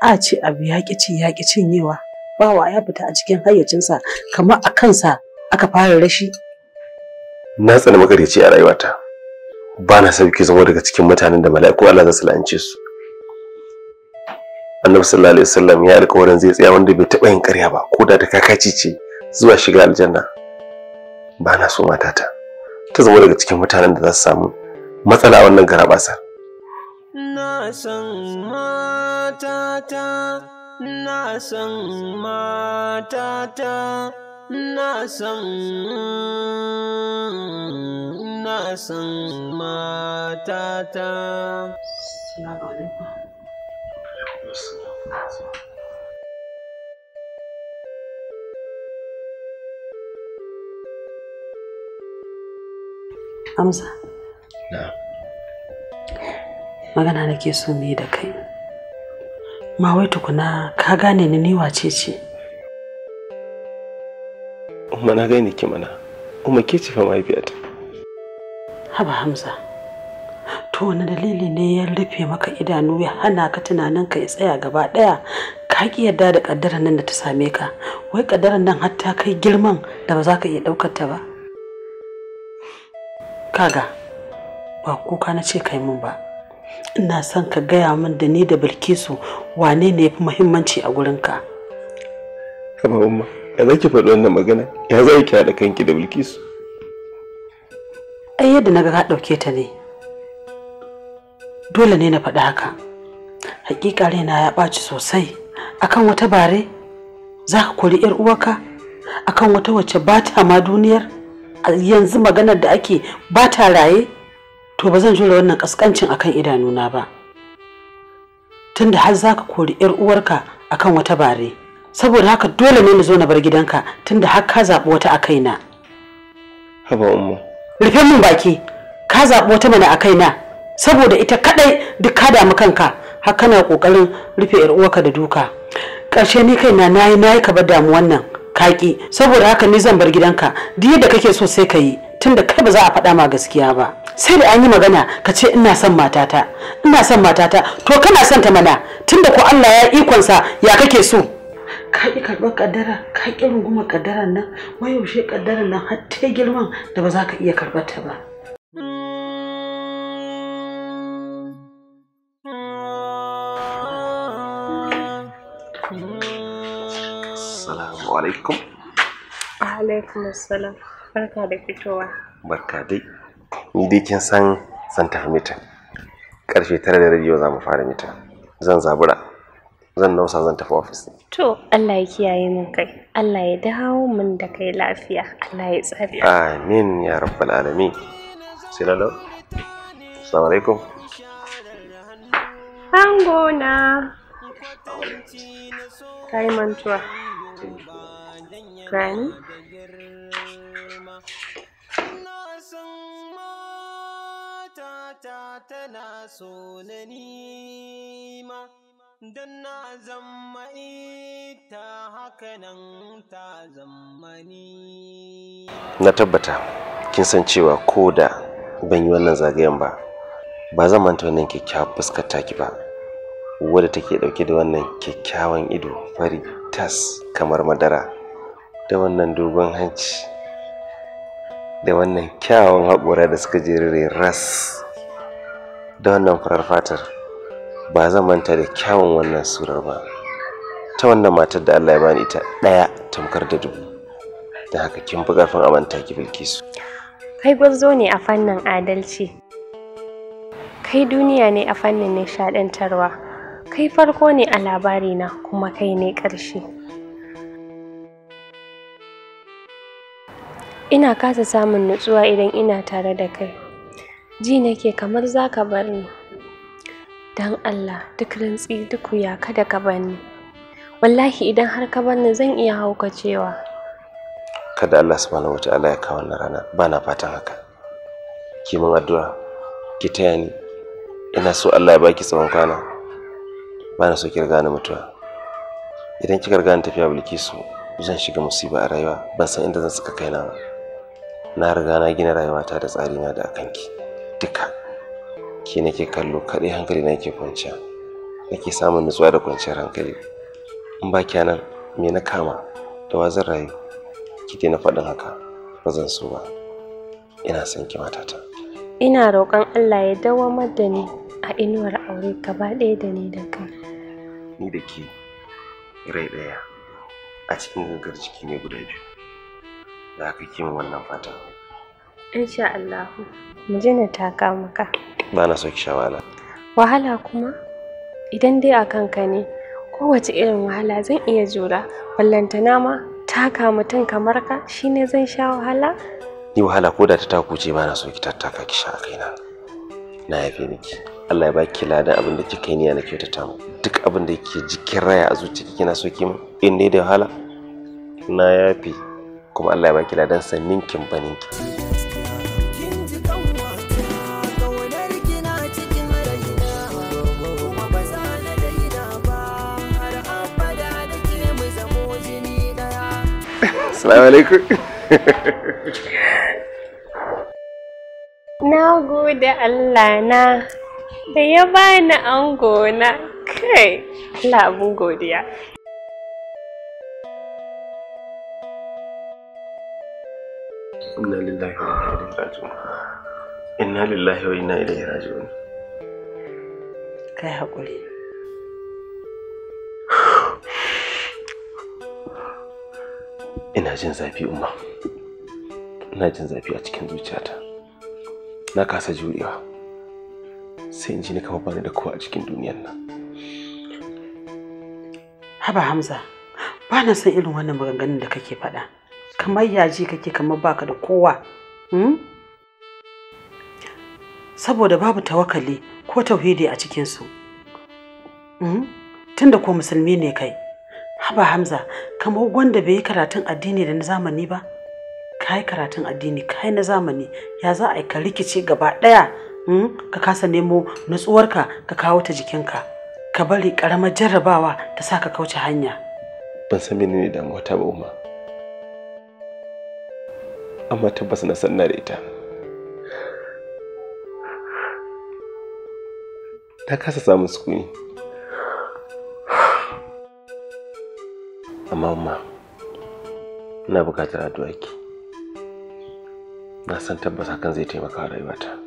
a ce abu ya ƙi ci ya ƙi cinyewa bawa ya fita a cikin hayyacinsa kamar a kansa aka fara rashi na tsana magareci a rayuwata ba na ki zama daga cikin mutanen da mala'iku Allah za su la'ance su annabi sallallahu alaihi wasallam ya alƙawarin zai tsaya wanda bai taɓa yin ƙarya ba ko da ta kakaci ce zuwa shiga aljanna ba na so matata ta zama daga cikin mutanen da za su samu matsala a wannan garabasar. na san matata na san matata na san na san matata Amsa. Na'am. magana nake so ni da kai ma wai tukuna ka gane ni ni wace ce umma na gane ki mana kuma ke ce fa mahaifiyata haba hamza to wani dalili ne ya rufe maka idanu ya hana ka tunanin ka ya tsaya gaba daya ka ki yarda da kaddaran nan da ta same ka wai kaddaran nan har ta kai girman da ba za ka iya daukar ta ba kaga ba kuka na ce kai mun ba ina son ka gaya min da ni da bilkisu wane ne ya fi muhimmanci a gurinka kama umma ya za faɗi wannan magana ya za ki haɗa kanki da bilkisu ai yadda na ga ka ɗauke ta ne dole ne na faɗi haka hakika raina ya ɓaci sosai akan wata bare za ka kori yar uwarka akan wata wacce ba ta ma duniyar yanzu maganar da ake ba ta raye to ba zan jure wannan kaskancin akan idanuna ba tunda har za ka kori yar uwarka akan wata bare saboda haka dole ne na zo na bar gidanka tunda har ka zaɓi wata a kaina haba umma rufe min baki ka zaɓi wata mana a kaina saboda ita kadai duk ka damu kanka har kana kokarin rufe yar uwarka da duka Karshe ni kaina nayi nayi ka bar damu wannan kaki saboda haka ni zan bar gidanka duk yadda kake so sai ka yi tunda kai ba za a faɗa ma gaskiya ba sai da an yi magana ka ce ina son matata ina son matata to kana son ta mana tunda ko Allah ya ikonsa ya kake so ka ki karɓar kaddara ka ki rungumar kaddaran nan yaushe kaddaran nan har ta girman da ba za ka iya karɓar ta ba Assalamu alaikum. Alaikum assalam. Barka da fitowa. Barka dai. ni dai kin san zan tafi mitin karfe tara da rabi za mu fara mitin zan zabura zan nausa zan tafi ofis to Allah ya kiyaye min kai Allah ya dawo min da kai lafiya Allah ya tsare amin ya rabbal alamin sai lalo assalamu alaikum hangona kai mantuwa gani ta tana so na nima don na zama ita hakanan ta zammani na tabbata kin san cewa ko da ban yi wannan zagayen ba ba zan manta wannan kyakkyawar fuskar taki ba wadda take dauke da wannan kyakkyawan ido fari tas kamar madara da wannan dogon hanci da wannan kyawawan haƙura da suka jere ras da wannan farar fatar ba zan manta da kyawun wannan surar ba ta wannan matar da Allah ya bani ita ɗaya tamkar da dubu da haka kin fi ƙarfin amanta ki bilkisu kai gwarzo ne a fannin adalci kai duniya ne a fannin nishaɗantarwa kai farko ne a labarina kuma kai ne ƙarshe ina kasa samun nutsuwa idan ina tare da kai ji nake kamar za ka bar ni don allah duk rintsi duk wuya kada ka bar ni wallahi idan har ka bar ni zan iya cewa. kada allah subhanahu wata'ala ya kawo wannan rana ba na fatan haka ki mun addu'a ki taya ni ina so allah ya baki tsawon kwana ba na so ki riga ni mutuwa idan kika riga ni tafiya bilkisu zan shiga musiba a rayuwa ban san inda zan saka kaina na riga na gina rayuwata da tsari na da ki. duka ke nake kallo kaɗai hankali na yake kwanciya nake samun nutsuwa da kwanciyar hankali in ba nan me na kama da zan rayu ki na faɗin haka ba zan so ba ina son ki matata ina roƙon Allah ya dawamar da ni a inuwar aure gaba ɗaya da ni da ka. ni da ke rai ɗaya a cikin gangar jiki ne guda biyu da haka kima wannan fata insha Allahu. mu je na taka maka ba na so ki sha wahala wahala kuma idan dai a kanka ne kowace irin wahala zan iya jura ballantana ma taka mutum kamar ka shine zan sha wahala ni wahala ko da ta taku ce ba na so ki tattaka ki sha kaina na yafe miki Allah ya baki ladan abin da kika yi niyya na kyautata mu duk abin da yake jikin raya a zuciya kina so ki in dai da wahala na yafe kuma Allah ya baki ladan sannin kin banin ki Assalamu alaikum. Na gode Allah na da ya bani ango na kai Allah abun godiya. Inna lillahi wa inna ilaihi raji'un. Inna lillahi wa inna ilaihi raji'un. Kai haƙuri. ina jin zafi umma ina jin zafi a cikin zuciyata na kasa jurewa sai in ji ni kamar bani da kowa a cikin duniyar nan haba hamza ba na san irin wannan maganganun da kake faɗa kamar yaji kake kamar baka da kowa hmm? saboda babu tawakali ko tauhidi a cikinsu hmm? tunda ko musulmi ne kai ba Hamza, kamar wanda bai yi karatun addini da na zamani ba? Ka yi karatun addini, ka yi na zamani, ya za a yi ka rikice gaba ɗaya hmm? ka kasa nemo natsuwarka ka kawo ta jikinka. Ka bari ƙaramar jarrabawa ta sa ka kauce hanya. Ban san menene damuwa ta ba umma. Amma tabbas na san na da ita. Ta kasa samun sukuni. amma ma ina bukatar addu'a ki na san tabbas hakan zai taimaka rayuwata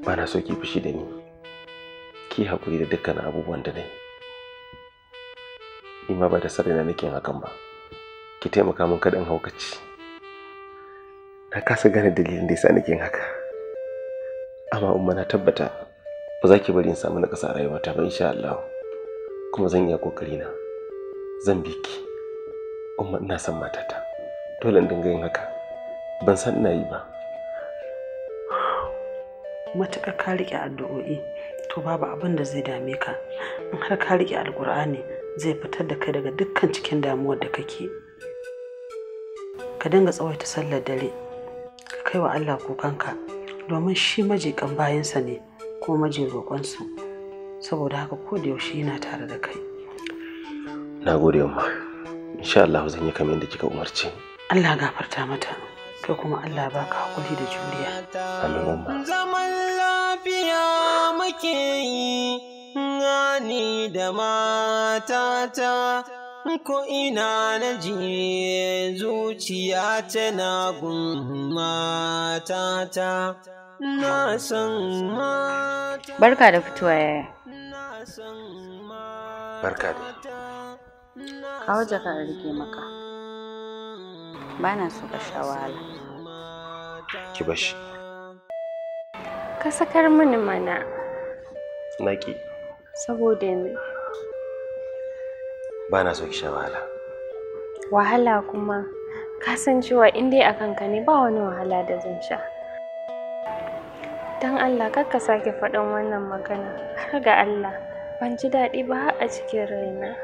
ba na so ki fushi da ni ki haƙuri da dukkan abubuwan da nayi ni ma ba da na nake hakan ba ki taimaka min kada haukaci na kasa gane dalilin da yasa nake yin haka amma umma na tabbata ba za ki bari in samu nakasa ƙasa rayuwata ba insha Allah kuma zan iya kokari na zan bi ki umma ina son matata dole in dinga yin haka ban san ina yi ba matuƙar ka riƙe addu'o'i to babu abin da zai dame ka in har ka riƙe alkur'ani zai fitar da kai daga dukkan cikin damuwar da kake ka dinga tsawaita sallar dare ka kai wa allah kukanka domin shi majiƙan bayansa ne ko maje roƙonsu saboda haka ko da yaushe yana tare da kai na gode umma insha Allah zan yi kamar yadda kika umarce Allah gafarta mata kai kuma Allah baka hakuri da juriya amin umma zaman lafiya muke yi da matata ko ina na ji zuciya tana gun matata na san mata barka da fitowa yaya barka da kawo jaka a rike maka bana so ka sha wahala ki bashi ka sakar mini mana naki saboda ni bana so ki sha wahala wahala kuma ka san cewa in dai akan ka ne ba wani wahala da zan sha don Allah kar ka sake faɗin wannan magana har ga Allah ban ji daɗi ba a cikin raina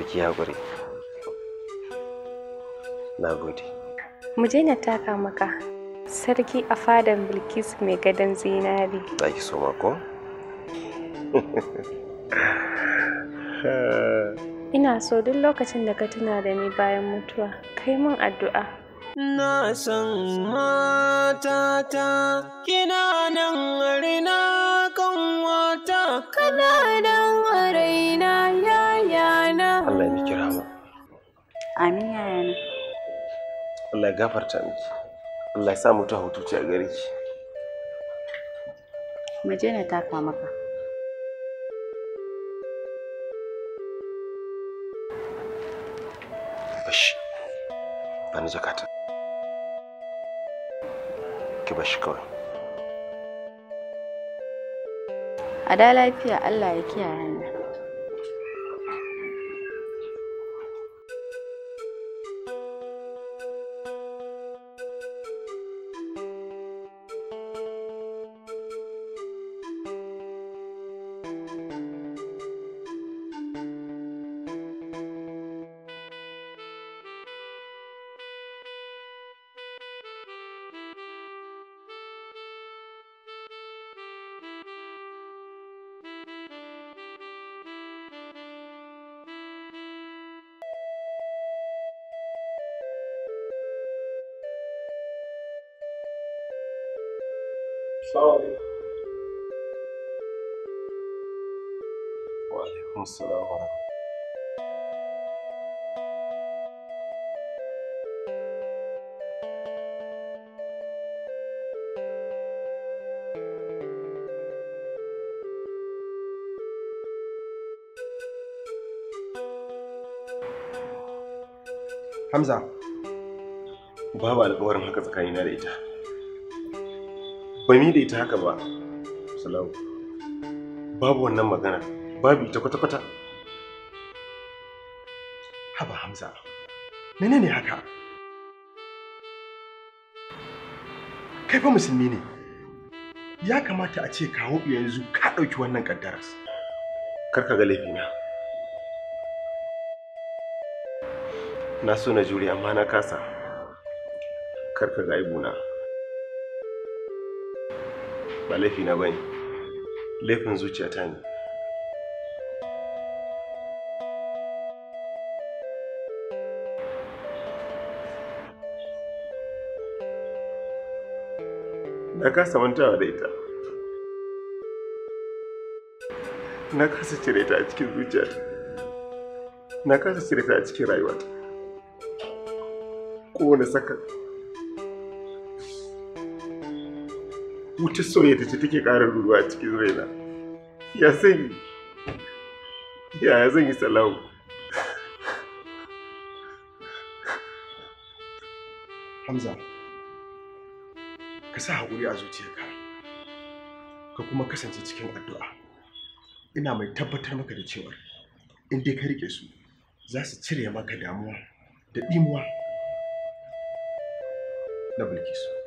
to ki na gode mu je na taka maka sarki a fadan bilkis mai gadon zinari za ki so mako ina so duk lokacin da ka tuna da ni bayan mutuwa kai mun addu'a na san matata kina nan rina kan wata kana nan raina na Allah ya miki rahama amin na Allah ya gafarta miki Allah ya sa hutu ci a gare ki mu je na taka maka bashi bani jakata ki bashi kawai a da lafiya allah ya kiyaye ni السلام عليكم وعليكم السلام ورحمة الله حمزة بابا الأبوار محقق كاينة ليتها bai da ita haka ba salamu babu wannan magana babu ita kwata-kwata haba hamza menene haka kai fa musulmi ne ya kamata a ce kawo yanzu ka ɗauki wannan ƙaddaras kar ka ga laifina na so na jure amma na kasa kar ka ga aibuna ba laifi na bane laifin zuciyata ne na kasa mantawa da ita na kasa cire ta a cikin zuciyata na kasa cire ta a cikin rayuwata kowane saka. wutar soyayya ce take ƙara ruwa a cikin raina ya zan yi ya zan yi salawu hamza ka sa haƙuri a zuciyarka ka kuma kasance cikin addu'a ina mai tabbatar maka da cewa in dai ka riƙe su za su cire maka damuwa da ɗimuwa na bilkisu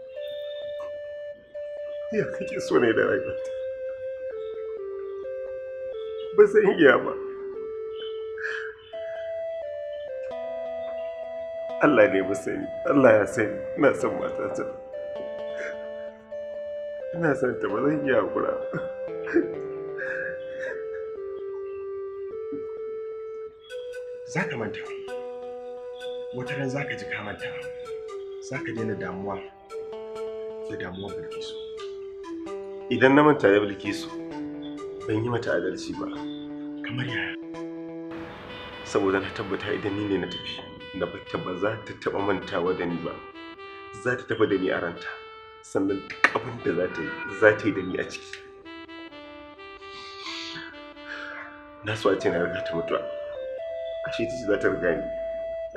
ya kake so ne da rayuwarta, ba zan iya ba Allah ne ba sani Allah ya sani ina son matata ina son ta ba zan iya hakura za ka manta wata ran za ka ji ka manta za ka daina damuwa da damuwa bilkisu idan na manta bulke bilkisu ban yi mata adalci ba kamar yaya saboda na tabbata idan ni ne na tafi na bata ba za ta taba mantawa da ni ba za ta tafi da ni a ranta sannan duk abin da za ta yi za ta yi da ni a ciki na so a ce na riga ta mutuwa ashe ta ce za ta riga ni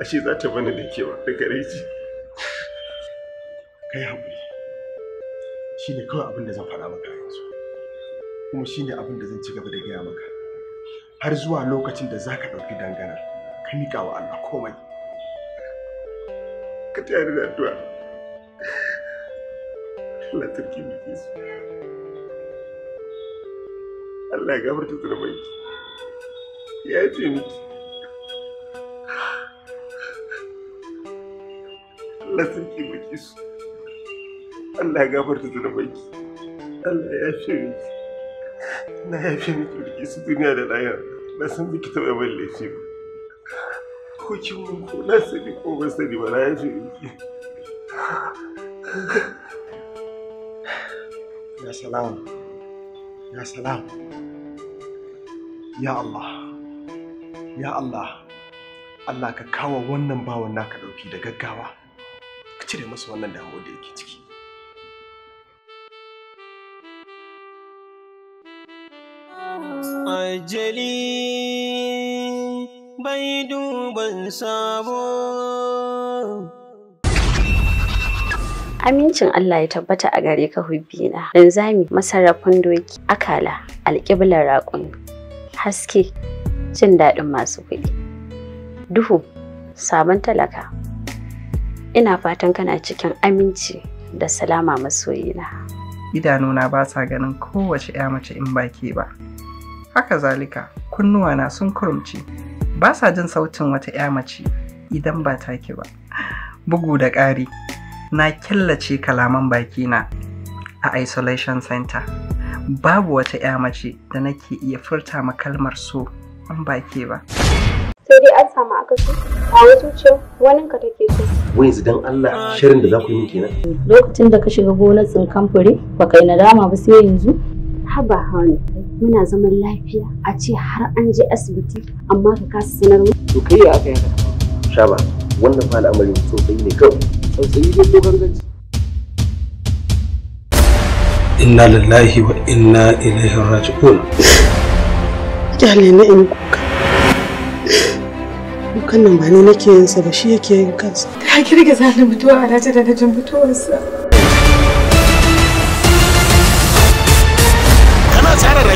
ashe za ta bani da kewa da gare ji kai haƙuri shine kawai abin da zan faɗa maka yanzu kuma shine abin da zan ci gaba da gaya maka har zuwa lokacin da zaka ɗauki dangana ka miƙa wa Allah komai ka tayar da addu'a Allah sarki muke su Allah ya gafarta zurbai ya ce miki Allah sarki muke su Allah ya gafarta da baki Allah ya yafe miki na yafe miki rike su duniya da daya na san biki taɓa yawan laifi ba ko kin mun ko na sani ko ban sani ba na yafe miki ya salam ya salam ya Allah ya Allah Allah ka kawo wannan bawon naka ɗauki da gaggawa ka cire masa wannan damuwa da yake ciki ajali bai duban sabo Amincin Allah ya tabbata a gare ka hubbina, linzami masarrafin doki, akala, alƙiblar raƙon, haske, jin daɗin masu kuɗi. Duhu, sabon talaka. Ina fatan kana cikin aminci da salama masoyina. Idanuna ba sa ganin kowace 'ya mace in baki ba. Haka zalika, kunnuwana sun kurumce, ba sa jin sautin wata ‘ya mace idan ba take ba. Bugu da ƙari, na killace kalaman bakina a isolation center. Babu wata ‘ya mace da nake iya furta kalmar so an bake ba. sai dai an samu akasi a wasu ce wani ka take so. Wai yanzu dan Allah shirin da za ku yi kenan. Lokacin da ka shiga gonar tsinkan fure ba kai nadama ba sai yanzu. Haba hannu muna zaman lafiya a ce har an je asibiti amma ka kasa sanar mu to kai ya aka yaka shaba wannan fa al'amari sosai ne kawai sosai ne ko ganganci inna lillahi wa inna ilaihi raji'un kyale na in kuka kukan nan ba ne nake yin sa ba shi yake yin kansa ta girgiza da mutuwa a da na jin mutuwarsa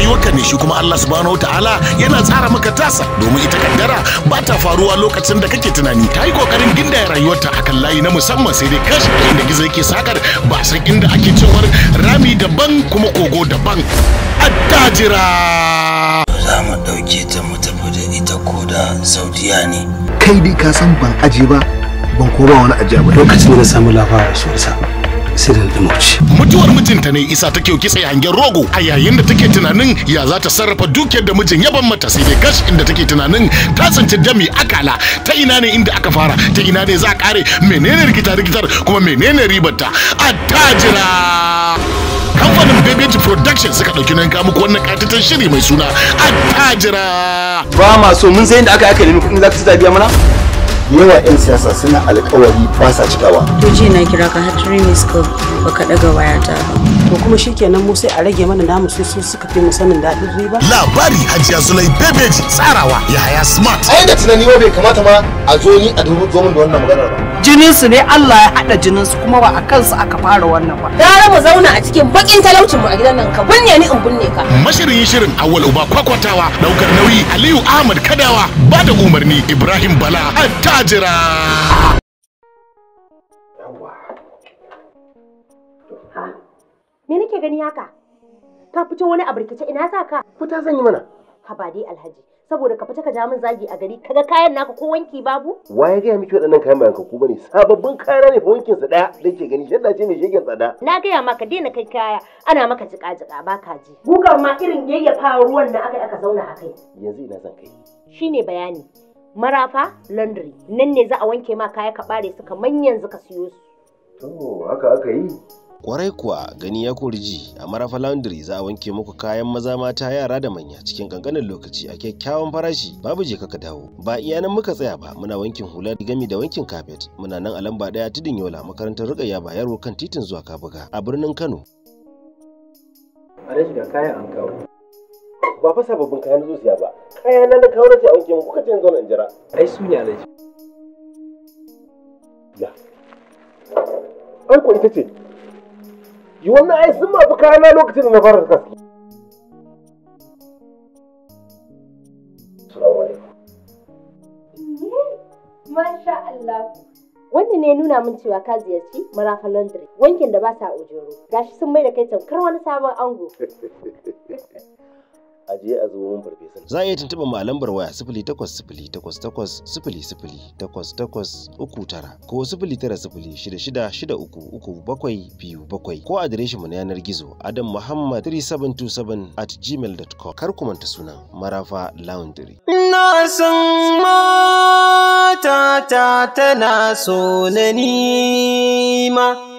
rayuwarka ne shi kuma Allah subhanahu ta'ala yana tsara maka tasa domin ita kaddara ba ta faruwa lokacin da kake tunani ta yi kokarin gindaya rayuwarta a kan layi na musamman sai dai kashi da gizo yake sakar ba san inda ake cewar rami daban kuma kogo daban attajira za mu dauke ta mu tafi da ita ko da saudiya ne kai dai ka san ban aje ba ban wani ajiya ba lokacin da na samu labarin su sirin ɗumauci. Mutuwar mijinta ne isa ta take kitse hangen rogo a yayin da take tunanin ya za ta sarrafa dukiyar da mijin yaban mata sai dai gash inda take tunanin ta tsinci dami akala ta ina ne inda aka fara ta ina ne za a kare menene rikita rikitar kuma menene ribarta a tajira. Kamfanin Bebeji Production suka ɗauki nan muku wannan ƙatatan shiri mai suna a tajira. Ba ma so mun sai inda aka yi aka nemi kuɗin za ka biya mana? yawa 'yan siyasa suna alkawari ba sa cikawa. Tuji na kira ka har three miss ka baka wayata ba. to kuma shikenan mu sai a rage mana namu su su suka fi mu sanin daɗin riba labari hajiya zulai bebeji tsarawa ya haya smart ai da tunani ba bai kamata ma a zo ni a dubu zo da wannan maganar ba jinin su ne Allah ya haɗa jinin su kuma ba a kansu aka fara wannan ba gara mu zauna a cikin bakin talaucin mu a gidan nan ka binne ni in binne ka mashirin shirin awwal uba kwakwatawa daukar nauyi Aliyu Ahmad Kadawa ba da umarni Ibrahim Bala attajira Me nake gani haka? Ka fito wani a burkice ina sa ka? Fita zan yi mana. Ka ba dai Alhaji. Saboda ka fita ka ja min zagi a gari, kaga kayan naka ko wanki babu? Wa ya gaya miki waɗannan kayan bayan ka ko bane? Sababbin kaya ne fa wankin su daya da ke gani shadda ce mai shegen tsada. Na gaya maka daina kai kaya, ana maka jika-jika ba ka ji. Gugar ma irin yayyafa ruwan da aka aka zauna a kai. Yanzu ina zan kai. Shine bayani. marafa laundry nan ne za a wanke ma kaya ka bare su kamar yanzu ka siyo su. To haka aka yi. Kwarai kuwa gani ya kori ji a Marafa Laundry za a wanke muku kayan maza mata yara da manya cikin kankanin lokaci a kyakkyawan farashi babu je ka dawo. Ba iya nan muka tsaya ba muna wankin hular gami da wankin kafet muna nan a lamba daya tudun yola makarantar Rukayya yaro kan titin zuwa Kabuga a birnin Kano. A shiga kayan an kawo. Ba fa sababbin kayan zuciya ba. Kaya na kawo na ce a wanke muku kuka ce jira. Ai su ne alaji. Ya. Ai ita ce yi wannan ai sun mafi kayana lokacin da na fara gaske mm-hmm. Masha Allah. Wannan ne nuna min cewa ka ziyarci Marafa Laundry, wankin da ba sa ojoro. Gashi sun mai da kai tamkar wani sabon ango. a je a zuwa mun farfesa Za a iya tuntuɓa ma lambar waya sifili takwas sifili takwas takwas sifili sifili takwas takwas uku tara ko sifili tara sifili shida shida shida uku uku bakwai biyu bakwai ko adireshin mu na yanar gizo adam muhammad 3727 at gmail.com kar ku manta sunan marafa laundry. Na san ta tana so na nima.